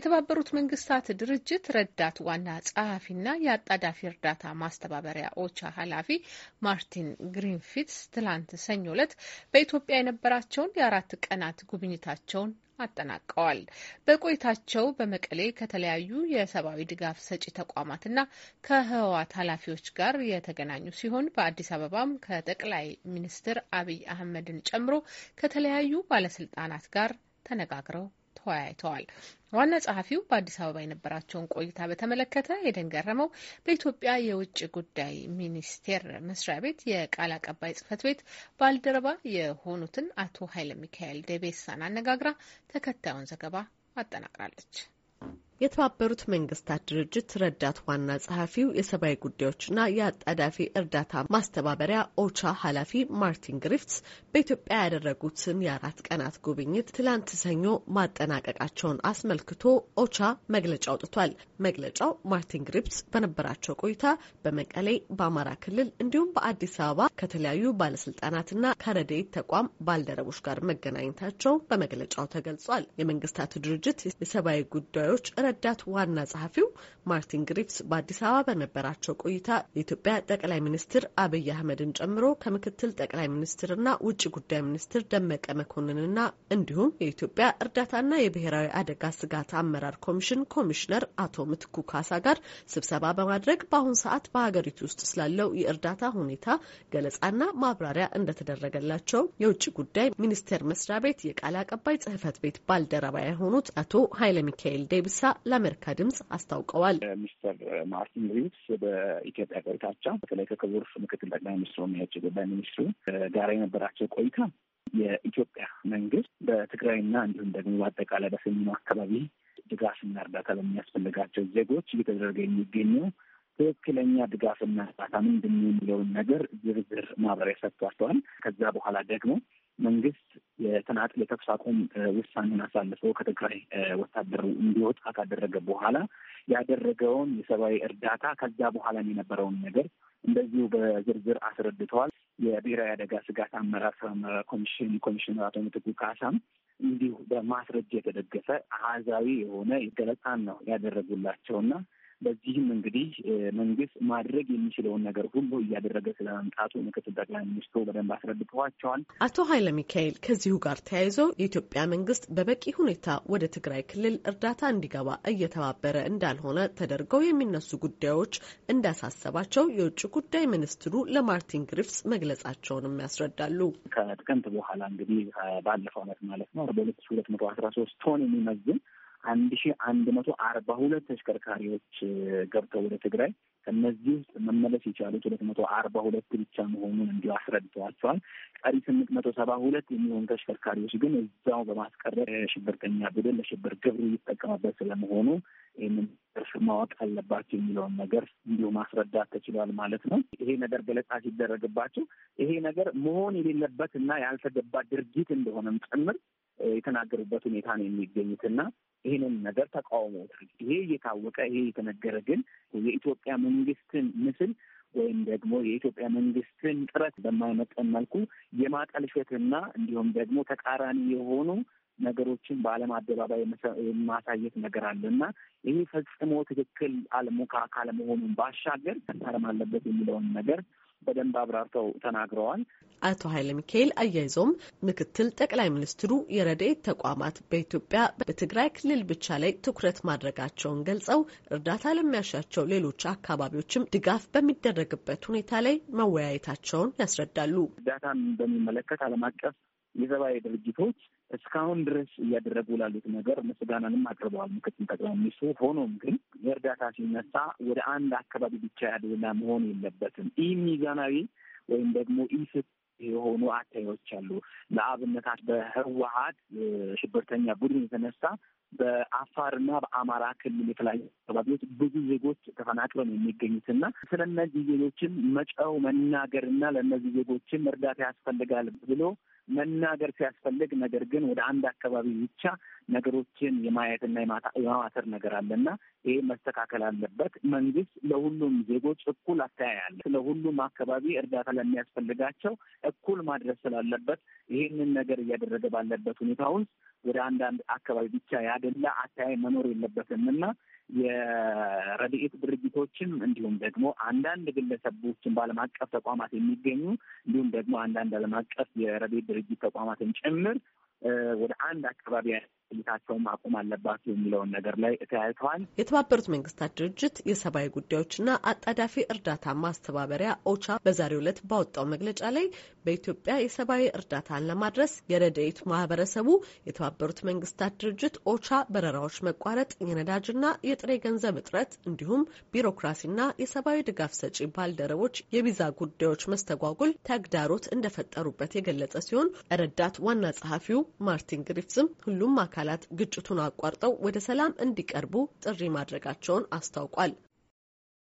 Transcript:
የተባበሩት መንግስታት ድርጅት ረዳት ዋና ጸሐፊና የአጣዳፊ እርዳታ ማስተባበሪያ ኦቻ ኃላፊ ማርቲን ግሪንፊትስ ትላንት ሰኞ ዕለት በኢትዮጵያ የነበራቸውን የአራት ቀናት ጉብኝታቸውን አጠናቀዋል። በቆይታቸው በመቀሌ ከተለያዩ የሰብአዊ ድጋፍ ሰጪ ተቋማትና ከህወሓት ኃላፊዎች ጋር የተገናኙ ሲሆን በአዲስ አበባም ከጠቅላይ ሚኒስትር አብይ አህመድን ጨምሮ ከተለያዩ ባለስልጣናት ጋር ተነጋግረው ተወያይተዋል። ዋና ጸሐፊው በአዲስ አበባ የነበራቸውን ቆይታ በተመለከተ ኤደን ገረመው በኢትዮጵያ የውጭ ጉዳይ ሚኒስቴር መስሪያ ቤት የቃል አቀባይ ጽህፈት ቤት ባልደረባ የሆኑትን አቶ ኃይለ ሚካኤል ደቤሳን አነጋግራ ተከታዩን ዘገባ አጠናቅራለች። የተባበሩት መንግስታት ድርጅት ረዳት ዋና ጸሐፊው የሰብአዊ ጉዳዮችና የአጣዳፊ እርዳታ ማስተባበሪያ ኦቻ ኃላፊ ማርቲን ግሪፍትስ በኢትዮጵያ ያደረጉትን የአራት ቀናት ጉብኝት ትላንት ሰኞ ማጠናቀቃቸውን አስመልክቶ ኦቻ መግለጫ አውጥቷል። መግለጫው ማርቲን ግሪፍትስ በነበራቸው ቆይታ በመቀሌ፣ በአማራ ክልል እንዲሁም በአዲስ አበባ ከተለያዩ ባለስልጣናትና ከረድኤት ተቋም ባልደረቦች ጋር መገናኘታቸው በመግለጫው ተገልጿል። የመንግስታቱ ድርጅት የሰብአዊ ጉዳዮች ረዳት ዋና ጸሐፊው ማርቲን ግሪፍስ በአዲስ አበባ በነበራቸው ቆይታ የኢትዮጵያ ጠቅላይ ሚኒስትር አብይ አህመድን ጨምሮ ከምክትል ጠቅላይ ሚኒስትርና ውጭ ጉዳይ ሚኒስትር ደመቀ መኮንንና እንዲሁም የኢትዮጵያ እርዳታና የብሔራዊ አደጋ ስጋት አመራር ኮሚሽን ኮሚሽነር አቶ ምትኩ ካሳ ጋር ስብሰባ በማድረግ በአሁኑ ሰዓት በሀገሪቱ ውስጥ ስላለው የእርዳታ ሁኔታ ገለጻና ማብራሪያ እንደተደረገላቸው የውጭ ጉዳይ ሚኒስቴር መስሪያ ቤት የቃል አቀባይ ጽህፈት ቤት ባልደረባ የሆኑት አቶ ኃይለ ሚካኤል ዴብሳ። ለአሜሪካ ድምጽ አስታውቀዋል። ሚስተር ማርቲን ሪቭስ በኢትዮጵያ ቆይታቸው በተለይ ከክቡር ምክትል ጠቅላይ ሚኒስትሩ እና የውጭ ጉዳይ ሚኒስትሩ ጋር የነበራቸው ቆይታ የኢትዮጵያ መንግስት በትግራይና እንዲሁም ደግሞ በአጠቃላይ በሰሜኑ አካባቢ ድጋፍና እርዳታ በሚያስፈልጋቸው ዜጎች እየተደረገ የሚገኘው ትክክለኛ ድጋፍና እርዳታ ምንድን የሚለውን ነገር ዝርዝር ማብራሪያ ሰጥቷቸዋል። ከዛ በኋላ ደግሞ መንግስት የተናጥል የተኩስ አቁም ውሳኔን አሳልፎ ከትግራይ ወታደር እንዲወጣ ካደረገ በኋላ ያደረገውን የሰብአዊ እርዳታ ከዛ በኋላ የነበረውን ነገር እንደዚሁ በዝርዝር አስረድተዋል። የብሔራዊ አደጋ ስጋት አመራር ስራ ኮሚሽን ኮሚሽነር አቶ ምትኩ ካሳም እንዲሁ በማስረጃ የተደገፈ አሃዛዊ የሆነ ገለጻን ነው ያደረጉላቸውና በዚህም እንግዲህ መንግስት ማድረግ የሚችለውን ነገር ሁሉ እያደረገ ስለመምጣቱ ምክትል ጠቅላይ ሚኒስትሩ በደንብ አስረድተዋቸዋል። አቶ ኃይለ ሚካኤል ከዚሁ ጋር ተያይዘው የኢትዮጵያ መንግስት በበቂ ሁኔታ ወደ ትግራይ ክልል እርዳታ እንዲገባ እየተባበረ እንዳልሆነ ተደርገው የሚነሱ ጉዳዮች እንዳሳሰባቸው የውጭ ጉዳይ ሚኒስትሩ ለማርቲን ግሪፍስ መግለጻቸውንም ያስረዳሉ። ከጥቅምት በኋላ እንግዲህ ባለፈው አመት ማለት ነው በሁለት ሺህ ሁለት መቶ አስራ ሶስት ቶን የሚመዝን አንድ ሺ አንድ መቶ አርባ ሁለት ተሽከርካሪዎች ገብተው ወደ ትግራይ ከእነዚህ ውስጥ መመለስ የቻሉት ሁለት መቶ አርባ ሁለት ብቻ መሆኑን እንዲሁ አስረድተዋቸዋል። ቀሪ ስምንት መቶ ሰባ ሁለት የሚሆኑ ተሽከርካሪዎች ግን እዛው በማስቀረት የሽብርተኛ ቡድን ለሽብር ግብር ይጠቀምበት ስለመሆኑ ይህንን እርስ ማወቅ አለባቸው የሚለውን ነገር እንዲሁ ማስረዳት ተችሏል ማለት ነው። ይሄ ነገር ገለጻ ሲደረግባቸው ይሄ ነገር መሆን የሌለበት እና ያልተገባ ድርጊት እንደሆነም ጭምር የተናገሩበት ሁኔታ ነው የሚገኙትና ይህንን ነገር ተቃውሞታል። ይሄ እየታወቀ ይሄ የተነገረ ግን የኢትዮጵያ መንግስትን ምስል ወይም ደግሞ የኢትዮጵያ መንግስትን ጥረት በማይመጠን መልኩ የማጠልሸትና እንዲሁም ደግሞ ተቃራኒ የሆኑ ነገሮችን በዓለም አደባባይ የማሳየት ነገር አለ እና ይህ ፈጽሞ ትክክል አለሙ ካለመሆኑን ባሻገር መታረም አለበት የሚለውን ነገር በደንብ አብራርተው ተናግረዋል። አቶ ኃይለ ሚካኤል አያይዘውም ምክትል ጠቅላይ ሚኒስትሩ የረድኤት ተቋማት በኢትዮጵያ በትግራይ ክልል ብቻ ላይ ትኩረት ማድረጋቸውን ገልጸው እርዳታ ለሚያሻቸው ሌሎች አካባቢዎችም ድጋፍ በሚደረግበት ሁኔታ ላይ መወያየታቸውን ያስረዳሉ። እርዳታን በሚመለከት ዓለም አቀፍ የሰብአዊ ድርጅቶች እስካሁን ድረስ እያደረጉ ላሉት ነገር ምስጋናንም አቅርበዋል ምክትል ጠቅላይ ሚኒስትሩ። ሆኖም ግን የእርዳታ ሲነሳ ወደ አንድ አካባቢ ብቻ ያደላ መሆን የለበትም። ኢ ሚዛናዊ ወይም ደግሞ ኢ የሆኑ አታዮች አሉ። ለአብነታት በህወሀት ሽብርተኛ ቡድን የተነሳ በአፋርና በአማራ ክልል የተለያዩ አካባቢዎች ብዙ ዜጎች ተፈናቅለው ነው የሚገኙትና ስለ እነዚህ ዜጎችን መጨው መናገርና ለእነዚህ ዜጎችን እርዳታ ያስፈልጋል ብሎ መናገር ሲያስፈልግ ነገር ግን ወደ አንድ አካባቢ ብቻ ነገሮችን የማየትና የማዋተር ነገር አለና ይሄ መስተካከል አለበት። መንግስት ለሁሉም ዜጎች እኩል አስተያያለ ለሁሉም አካባቢ እርዳታ ለሚያስፈልጋቸው እኩል ማድረስ ስላለበት ይህንን ነገር እያደረገ ባለበት ሁኔታ ውስጥ ወደ አንዳንድ አካባቢ ብቻ ያደላ አተያይ መኖር የለበትም እና የረድኤት ድርጅቶችም እንዲሁም ደግሞ አንዳንድ ግለሰቦችን በዓለም አቀፍ ተቋማት የሚገኙ እንዲሁም ደግሞ አንዳንድ ዓለም አቀፍ የረድኤት ድርጅት ተቋማትን ጭምር ወደ አንድ አካባቢ ቆይታቸውን ማቆም አለባቸው የሚለውን ነገር ላይ ተያይተዋል። የተባበሩት መንግስታት ድርጅት የሰብአዊ ጉዳዮችና አጣዳፊ እርዳታ ማስተባበሪያ ኦቻ በዛሬው ዕለት ባወጣው መግለጫ ላይ በኢትዮጵያ የሰብአዊ እርዳታን ለማድረስ የረድኤት ማህበረሰቡ የተባበሩት መንግስታት ድርጅት ኦቻ በረራዎች መቋረጥ፣ የነዳጅና የጥሬ ገንዘብ እጥረት እንዲሁም ቢሮክራሲና የሰብአዊ ድጋፍ ሰጪ ባልደረቦች የቪዛ ጉዳዮች መስተጓጉል ተግዳሮት እንደፈጠሩበት የገለጸ ሲሆን ረዳት ዋና ጸሐፊው ማርቲን ግሪፍስም ሁሉም አካላት ግጭቱን አቋርጠው ወደ ሰላም እንዲቀርቡ ጥሪ ማድረጋቸውን አስታውቋል።